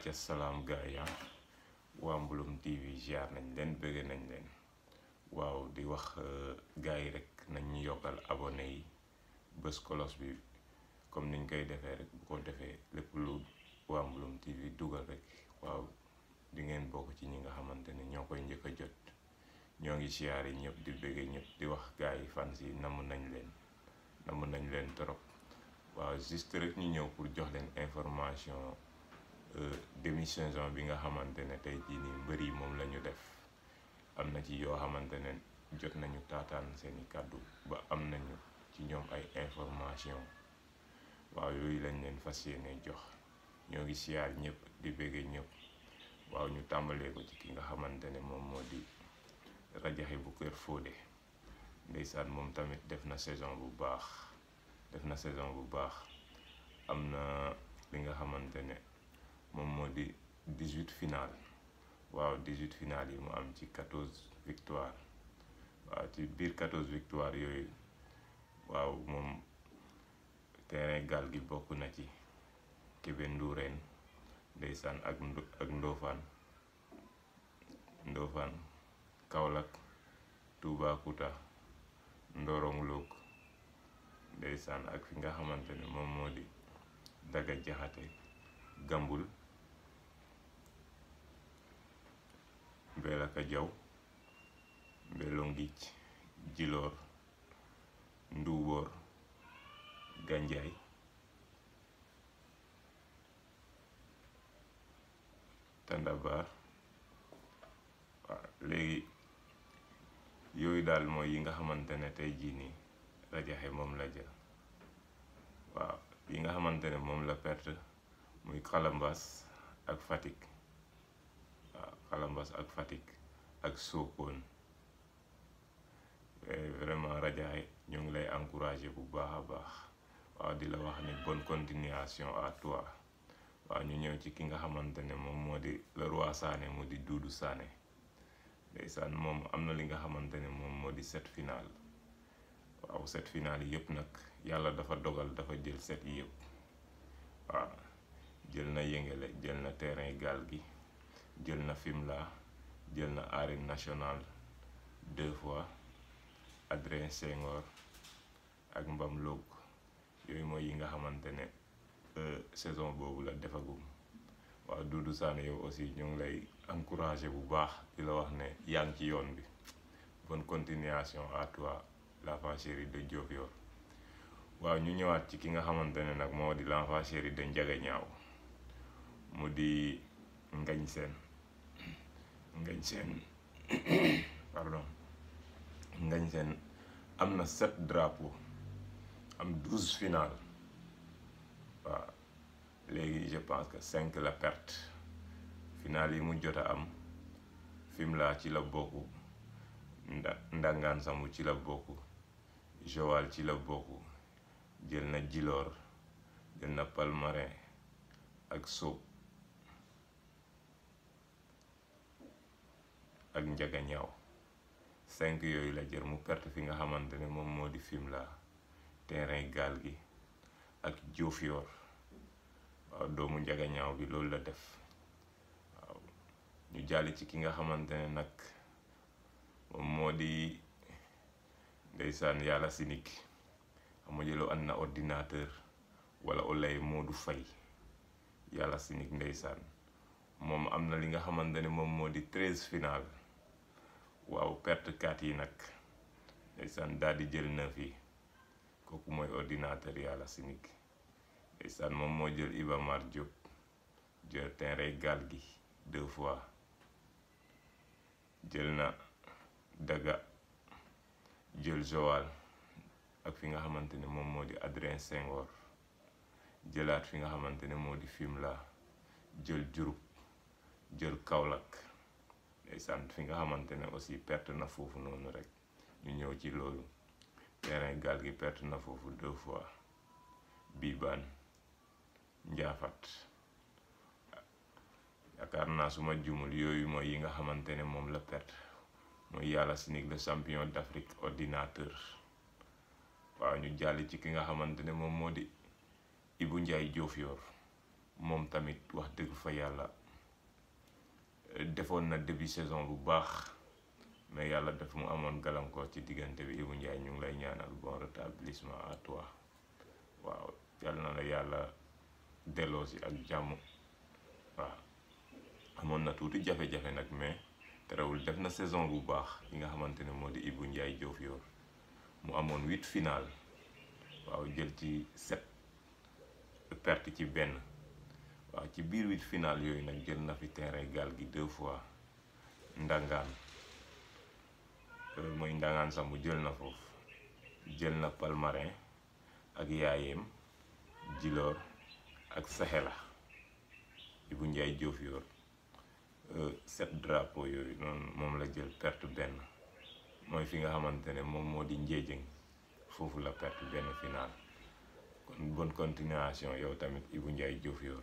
ci salam gaa ya waa TV ziar nañ len bëgg nañ len waaw di wax eh, gaay rek nañ ñu yokkal abonné yi bés kolos bi comme niñ koy défé rek bu ko défé lepp lu waa bulum TV dugal rek waaw di ngeen bok ci ñi nga xamante ñokoy jot ñoo ziar yi ñëpp di beugé ñëpp di wax gaay fans yi namu nañ len namu nañ len trop waaw juste rek ñu ñëw pour jox len information. Euh, demi saison bi nga xamante ne tey jii nii bëri moom la ñu def am na ci yoo xamante ne jot nañu taataan seeni kàddu ba am nañu ci ñoom ay information waaw yooyu lañ leen fas yéene jox ñoo ngi siyaar ñëpp di béggee ñëpp waaw ñu tàmbalee ko ci ki nga xamante ne moom moo di rajaxe bu kër Fodé ndeysaan moom tamit def na saison bu baax def na saison bu baax am na li nga xamante ne moom moo di dix-huit finale waaw dix-huit finale yi mu am ci quatorze victoire waaw ci biir quatorze victoire yooyu waaw moom terrain gaal gi bokk na ci Kébé Ndourène ndeysaan ak ak Ndofane ndofaan Kaolack Toubacouta Ndorong Loog ndeysaan ak fi nga xamante ne moom moo di Daga Jaxate Gambul Mbelaka Diaw Jilor, Djilor Nduwor ganjay Tandabar waaw legi yoy dal moy yi nga xamantene tay ji ni nii rajaxe mom la jël waaw yi nga xamantene mom la perte muy Kalambas ak Calabas ak Fatick ak Sokone eh, vraiment Radiaye ñoo ngi lay encouragé bu baax a baax waaw di la wax ni bonne continuation à toi waaw ñu ñëw ci ki nga xamante ne moom moo di le roi Sané mu di Doudou Sané ndeysaan moom am na li nga xamante ne moom moo di set final waaw set final yi yëpp nag yàlla dafa dogal dafa jël set yi yëpp waaw jël na yëngale jël na terrain gaal gi jël na Fimela jël na Arène Nationale deux fois Adrien Senghor ak Mbam Loog yooyu mooy yi nga xamante ne euh, saison boobu la defagum waaw Doudou Sané yow aussi ñu ngi lay encouragé bu baax di la wax ne yaa ci yoon bi bonne continuation à toi l'enfant chéri de Diofior waaw ñu ñëwaat ci ki nga xamante ne nag moo di l'enfant chéri de Ndiaga ñaaw mu di ngañ seen ngañ seen ngañ seen am na sept drapeaux am douze finales waaw léegi je pense que cinq la perte finale yi mu jot a am Fimela ci la bokk nda Ndangaan Sambu ci la bokk Joal ci la bokk jël na Djilor jël na Palmarin ak Sow ak njaga cinq yooyu la jër mu perte fi nga xamante ne moom moo di Fimela terrain gaal gi ak Diofior waaw doomu njaga bi loolu la def waaw ñu jàll ci ki nga xamante ne nag moom moo di ndeysaan yàlla sinik ama jëlo an na ordinateur wala olay moo du fay yàlla sinik ndeysaan moom am na li nga xamante ne moom moo di treize final waaw perte kat yi nag ndeysaan daal di jël neuf yi kooku mooy ordinateur yàlla sinig ndeysaan moom moo jël iba mar diop jël tinrey gal gi deux fois jël na daga jël joal ak fi nga xamante ne moom moo di adrien singor jëlaat fi nga xamante ne moo di fimla jël jurub jël kaolak ndeysaan fi nga xamante ne aussi perte na foofu noonu rek ñu ñëw ci loolu terrain gaal gi perte na fofu deux fois biban njaafat yaakaar suma jumul yooyu mooy yi nga xamante ne la perte mooy yàlla sinig le champion d'Afrique ordinateur waaw ñu jàll ci ki nga xamante ne moom moo di Ibu yor tamit wax fa defoon na début saison bu baax mais yàlla daf mu amoon gàllankoor ci diggante bi Ibou Ndiaye ñu ngi lay ñaanal bon rétablissement à toi waaw yàlla na la yàlla delloo si ak jàmm waaw amoon na tuuti jafe-jafe nag mais terewul def na saison bu baax yi nga xamante ne moo di ibu njaay Diouf yor mu amoon huit final waaw jël ci sept perte ci benn. wa ah, ci biir huit final yooyu nag jël na fi terrain gal gi deux fois ndangaan eh, mooy ndangaan sa mu jël na foofu jël na palmarin ak yaayem jiloor ak saxela bu Ndiaye Diouf yor eh, set drapeau yooyu noonu moom la jël perte benn mooy fi nga xamante ne moom moo di njéejëng foofu la perte benn final kon bonne continuation yow tamit Ibou Ndiaye Diouf yor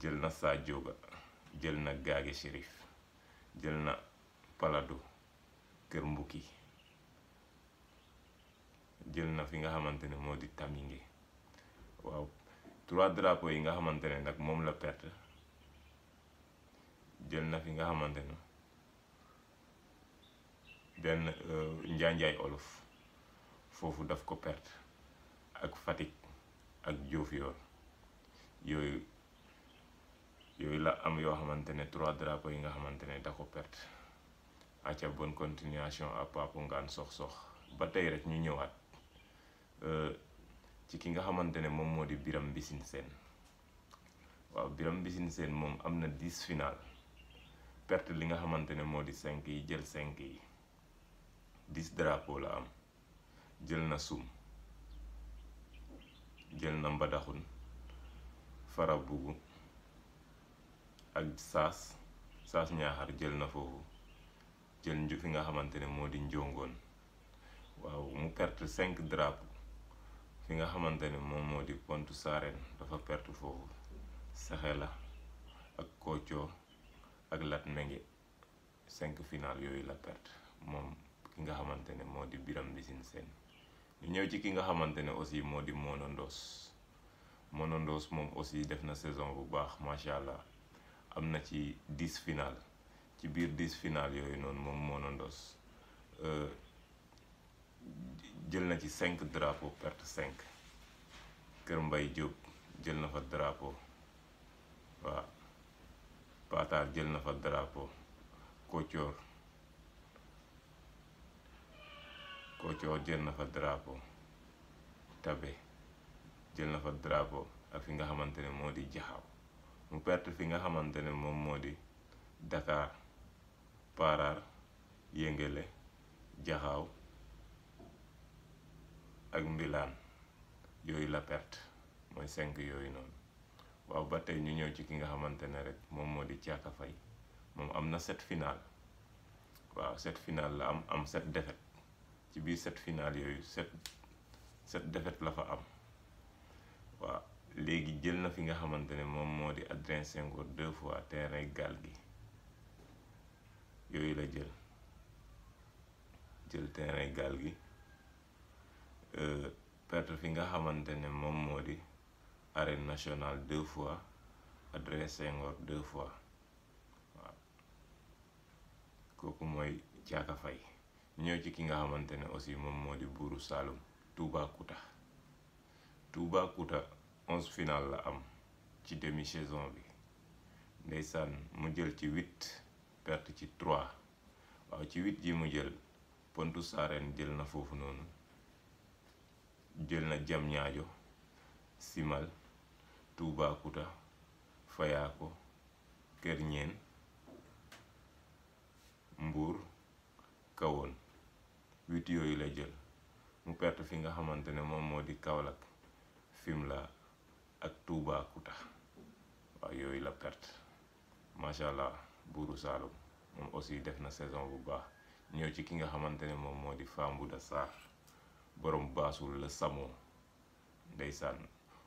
jël na saa Ba jël na Gaage Chérif jël na Palado Kër Mbuki jël na fi nga xamante ne moo di Tamingue waaw trois drapeaux yi nga xamante ne nag moom la perte jël na fi nga xamante ne benn euh, njaanjaay olof foofu daf ko perte ak fatik ak Diofior yooyu yooyu la am yo xamantene 3 drapeau yi nga xamantene da ko perte aca bonne continuation a Pape Ngane Sox-Sox ba tay rek ñu ñëwaat euh ci ki nga xamantene mom modi Biram Bisin sen waaw Biram Bisin sen mom amna 10 final perte li nga xamantene modi 5 yi jël 5 yi 10 drapeau la am jël na sum jël na mbadaxun farabugu ak saas saas ñaar jël na fofu jël nju fi nga xamantene modi moo waaw mu perte 5 drapeau fi nga xamantene ne modi di pontu saareen dafa perte foofu saxela ak kocio ak lat mengi 5 final yoy la perte mom ki nga xamantene modi di biram bisin sen, ñu ñew ci ki nga xamantene aussi modi di monondos mom aussi def na saison bu baax machallah am na ci dix final ci biir dix final yooyu noonu moom Monados euh, jël na ci cinq drapo perte cinq Kër Mbay Diop jël na fa drapeau waa Patar jël na fa drapeau Kocoor Kocoor jël na fa drapeau Tabe jël na fa drapeau ak fi nga xamante ne moo di Jaxaw mu perte fi nga xamante ne moom moo di Dakar Parar Yëngale jaxaw ak Mbilaan yooyu la perte mooy cinq yooyu noonu waaw ba tey ñu ñëw ci ki nga xamante ne rek moom moo di Thiaka fay moom am na sept final waaw sept final la am am set défaite ci biir sept final yooyu sept sept défaite la fa am waaw léegi jël na fi nga xamante ne moom moo di adrin cinq or deux fois terrain gal gi yooyu la jël jël terrain gal gi euh, perte fi nga xamante ne moom moo di arène national deux fois adrin cinq or deux fois waaw kooku mooy caaka fay ñëw ci ki nga xamante ne aussi moom moo di buuru saalum touba kouta touba kouta onze final la am ci demi saison bi ndeysaan mu jël ci huit perte ci trois waaw ci huit ji mu jël Pointe Sarène jël na foofu noonu jël na Diamniadio Simal Toubacouta fayaako Kër Ñeen Mbuur Kawoon huit yooyu la jël mu perte fi nga xamante ne moom moo di Kaolack la ak Toubacouta waaw yooyu la perte macha allah buuru Saalum moom aussi def na saison bu baax ñëw ci ki nga xamante ne moom moo di Fambouda Sarr borom baasul la samoo ndeysaan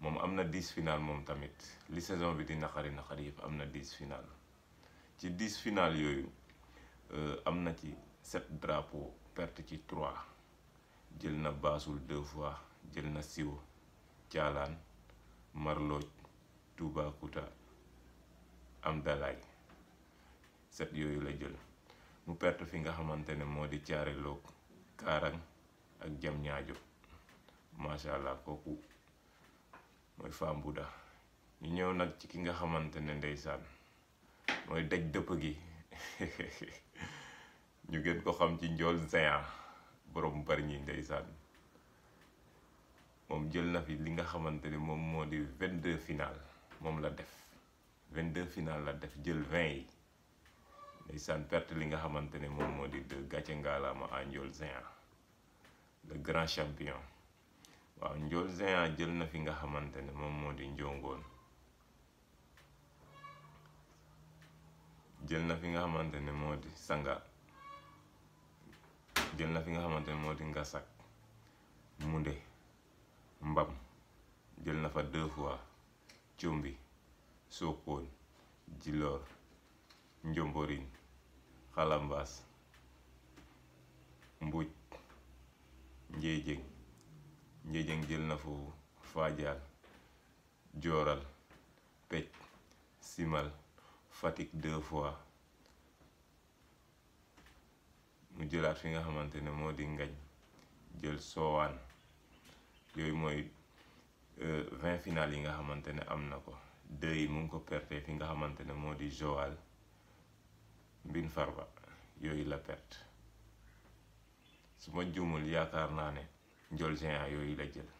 moom am na dix final moom tamit li saison bi di naqari naqari yëpp am na dix final ci dix final yooyu euh, am na ci set drapeau perte ci trois jël na baasul deux fois jël na siwo caalaan Marlooj Toubacouta am dalaay set yooyu la jël mu perte fi nga xamante ne moo di caare loog kaarang ak jam ñaajo macha allah kooku mooy femme ñu ñëw nag ci ki nga xamante ne ndeysaan mooy daj dëpp gi ñu gën ko xam ci njool zeyan borom bari ñi ndeysaan moom jël na fi li nga xamante ni moom moo di vingt deux final moom la def vingt deux final la def jël vingt yi ndeysaan perte li nga xamante ne moom moo di deux gàcce ngaalaama à Ndiol Géant le grand champion waaw Ndiol Géant jël na fi nga xamante ne moom moo di njongoon jël na fi nga xamante ne moo di sanga jël na fi nga xamante ne moo di ngasak munde mbam jël na fa deux fois cumbi sookoon jiloor njomborin xalambaas mbuuj njéejéng njéejéng jël na foofu faajaal jooral pecc simal Fatick deux fois mu jëlaat fi nga xamante ne moo di ngañ jël soowaan yooyu mooy euh, vingt finale yi nga xamante ne am na ko deux yi mu ngi ko perte fi nga xamante ne moo di Joal Mbin Farba yooyu la perte su ma juumul yaakaar naa ne Ndiol Géant yooyu la jël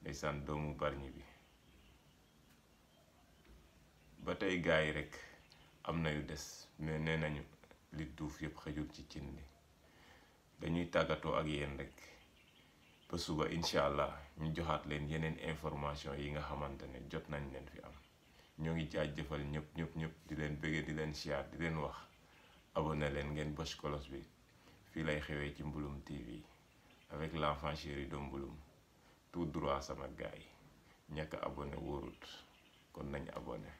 ndeysaan doomu Bargny bi ba tey gaa yi rek am na yu des mais nee nañu li duuf yëpp xëjul ci cin li dañuy tàggatoo ak yéen rekk ba suba incha allah ñu joxaat leen yeneen information yi nga xamante ne jot nañ leen fi am ñoo ngi jëfal ñëpp ñëpp ñëpp di leen bëggee di leen siyaar di leen wax abonné leen ngeen bës kolos bi fii lay xewee ci Mbouloum TV avec l'enfant chéri de mbulum tout droit sama gaay yi ñàkk abonné wóorut kon nañ abone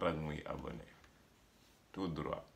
rag muy abone tout droit